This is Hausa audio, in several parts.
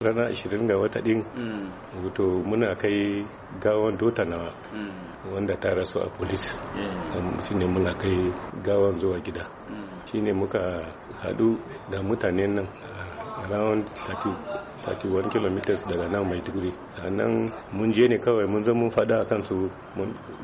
rana 20 ga wata din mm. wato muna kai gawan dota na mm. wanda ta rasu a polis shine muna kai gawan zuwa gida mm. shine muka hadu da mutanen nan around 31 kilometers daga nan maiduguri sannan mun je ne kawai mun zo mun fada a kansu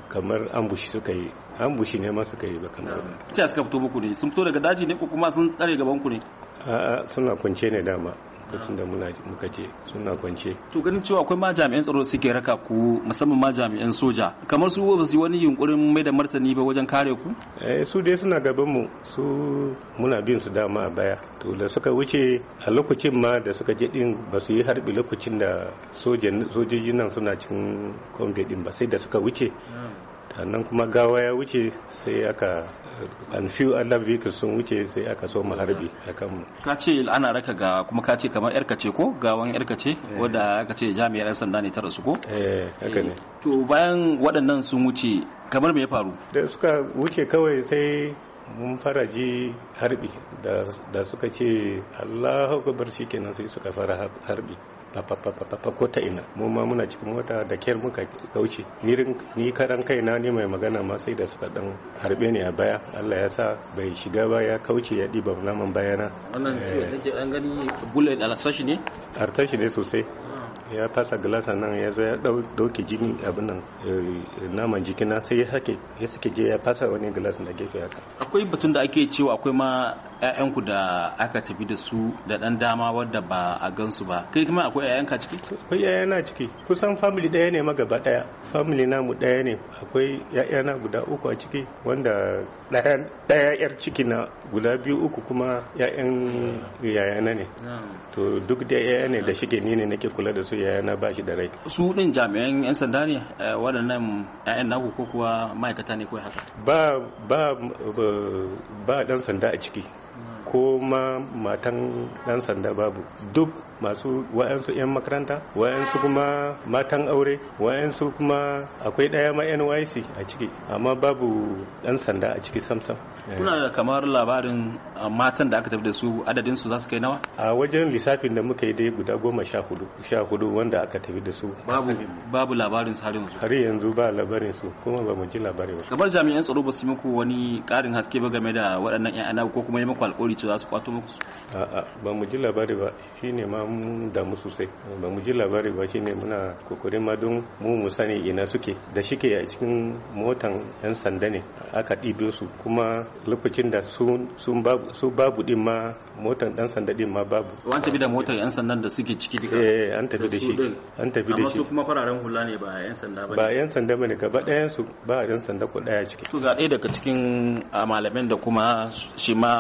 kamar ambushi suka yi ambushi ne ma suka yi ba kamar ba. suka fito muku ne sun fito daga daji ne ko kuma sun tsare gaban ku ne? a'a suna kunce ne dama lokacin da muka je suna kwance to ganin cewa akwai ma jami'an tsaro suke raka ku musamman ma jami'an soja kamar su ba su wani yunkurin mai da martani ba wajen kare ku eh su dai suna gaban mu su muna bin su dama a baya to da suka wuce a lokacin ma da suka je din ba su yi harbi lokacin da sojojin nan suna cikin kombe din ba sai da suka wuce hmm. nan kuma gawa ya wuce sai aka an few allah vehicles sun wuce sai aka so harbi a mu. ka ce ana raka ga kuma ka ce kamar yarka ce ko gawan yarka ce eh. wadda aka ce jami'ar yan sanda ne ta rasu ko eh haka ne eh, to bayan waɗannan sun wuce kamar me ya faru da suka wuce kawai sai mun fara ji harbi da suka ce allahu akbar shikenan sai suka fara harbi fafafafafa ko ta ina mu ma muna cikin mota da kyar muka kauce ni karan kai na ne mai magana ma sai da suka dan harbe ni a baya Allah ya sa bai shiga ba ya kauce ya diba naman bayana wannan ciwo take eh. an gani bullet alasashi ne artashi ne sosai ah. ya fasa glasa nan ya zo ya dauke jini abin nan eh, naman jikina sai ya sake ya sake je ya fasa wani glasa na gefe haka akwai batun da ake cewa akwai ma ƴaƴanku da aka tafi da su da dan dama wadda ba a gansu ba kai kuma akwai yayanka ciki akwai yayana ciki kusan family ɗaya ne magaba ɗaya family namu ɗaya ne akwai yayana guda uku a ciki wanda ɗaya yar ciki na guda biyu uku kuma yayan yayana ne to duk da yaya ne da shige ni ne nake kula da su yayana ba shi da rai su din jami'an yan sanda ne eh, waɗannan yayan naku ko kuwa ma'aikata ne ko haka ba ba ba dan sanda a ciki ko ma matan ɗan sanda babu duk masu wa'ansu 'yan makaranta wa'ansu kuma matan aure wa'ansu kuma akwai ɗaya ma nyc a ciki amma babu ɗan sanda a ciki samsam kuna da eh. kamar labarin matan da aka tafi da su adadin su za su kai nawa a wajen lissafin da muka yi dai guda goma sha hudu sha hudu wanda aka tafi da su babu babu labarin su har yanzu har yanzu ba labarin su kuma ba mu ji labarin ba kamar jami'an tsaro ba su muku wani ƙarin haske ba game da waɗannan 'yan ko kuma yi muku alƙawari ce za su kwato muku a'a ba mu ji labari ba shine ma mun damu sosai ba mu ji labari ba shine muna kokarin ma don mu mu sani ina suke da shike a cikin motan yan sanda ne aka ɗibe su kuma lokacin da sun babu su babu din ma motan dan sanda din ma babu an tafi da motar yan sandan da suke ciki duka eh an tafi da shi an tafi da shi amma su kuma fararen hula ne ba yan sanda bane ba yan sanda bane gaba ɗayan su ba yan sanda ko daya ciki to ga daga cikin ah, malamin da kuma shi ma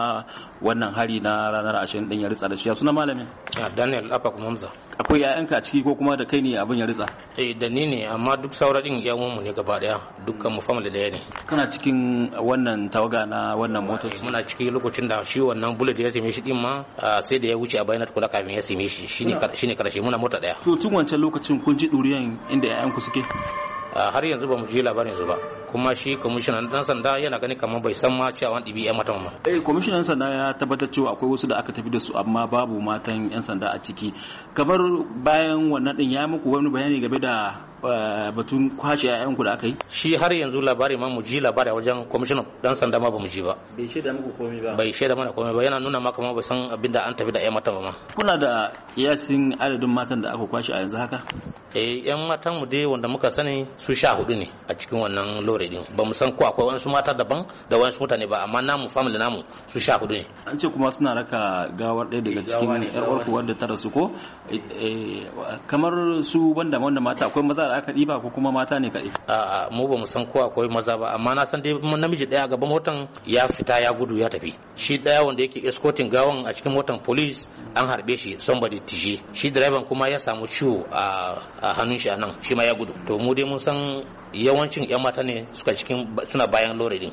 wannan hari na ranar 20 din ya ritsa da shi suna malamin ah, Daniel Afak Mamza akwai yayanka a ciki ko kuma da kai ne abin ya ritsa eh da ni ne amma duk saura din yan mu ne gaba daya dukkan mu family daya ne kana cikin wannan tawaga na wannan eh, motar muna ciki lokacin da shi wannan bullet ya same shi din ma ah, sai da ya wuce a bayanar kula kafin ya same shi shine shine karshe muna mota daya to tun wancan lokacin kun ji duriyan inda yayanku suke har yanzu ba mu ji labarin su ba kuma shi kwamishinan dan sanda yana gani kamar bai san ma cewa wani dibi mata ba. Eh kwamishinan sanda ya tabbatar cewa akwai wasu da aka tafi da su amma babu matan 'yan sanda a ciki. Kamar bayan wannan din ya muku wani bayani game da Eh, batun kwashe ƴaƴanku da aka yi shi har yanzu labari ma mu ji labari wajen kwamishinan dan sanda ma ba mu ji ba bai shaida muku komai ba bai shaida mana komai ba yana nuna maka ma ba san abin da an tafi da ƴan mata ba ma kuna da kiyasin adadin matan da aka kwashe a yanzu haka eh yan matan mu dai wanda muka sani su sha hudu ne a cikin wannan lore din ba mu san ko akwai wasu mata daban da wasu mutane ba amma namu family namu su sha hudu ne an ce kuma suna raka gawar ɗaya daga cikin ƴar uwarku wanda ta rasu ko eh, eh, kamar su banda wanda mata akwai maza maza aka ɗiba ko kuma mata ne kaɗai a'a mu ba mu san ko akwai maza ba amma na san dai namiji ɗaya gaban motan ya fita ya gudu ya tafi shi ɗaya wanda yake escorting gawan a cikin motan police an harbe shi somebody tije. shi direban kuma ya samu ciwo a hannun shi a nan shi ma ya gudu to mu dai mun san yawancin 'yan mata ne suka cikin suna bayan lori din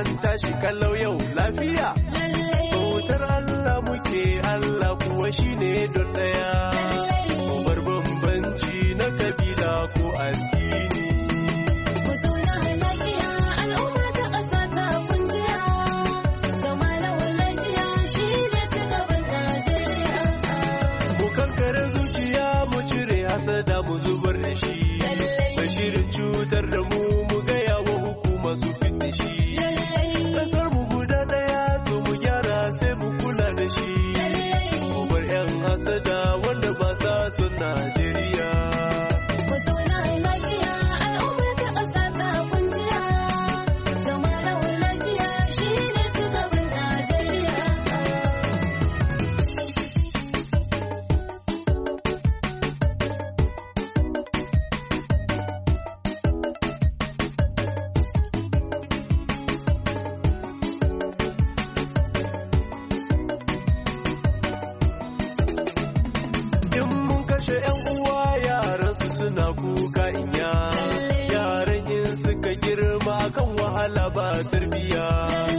an tashi kallau kuka inya yaran in suka girma kan wahala ba tarbiyya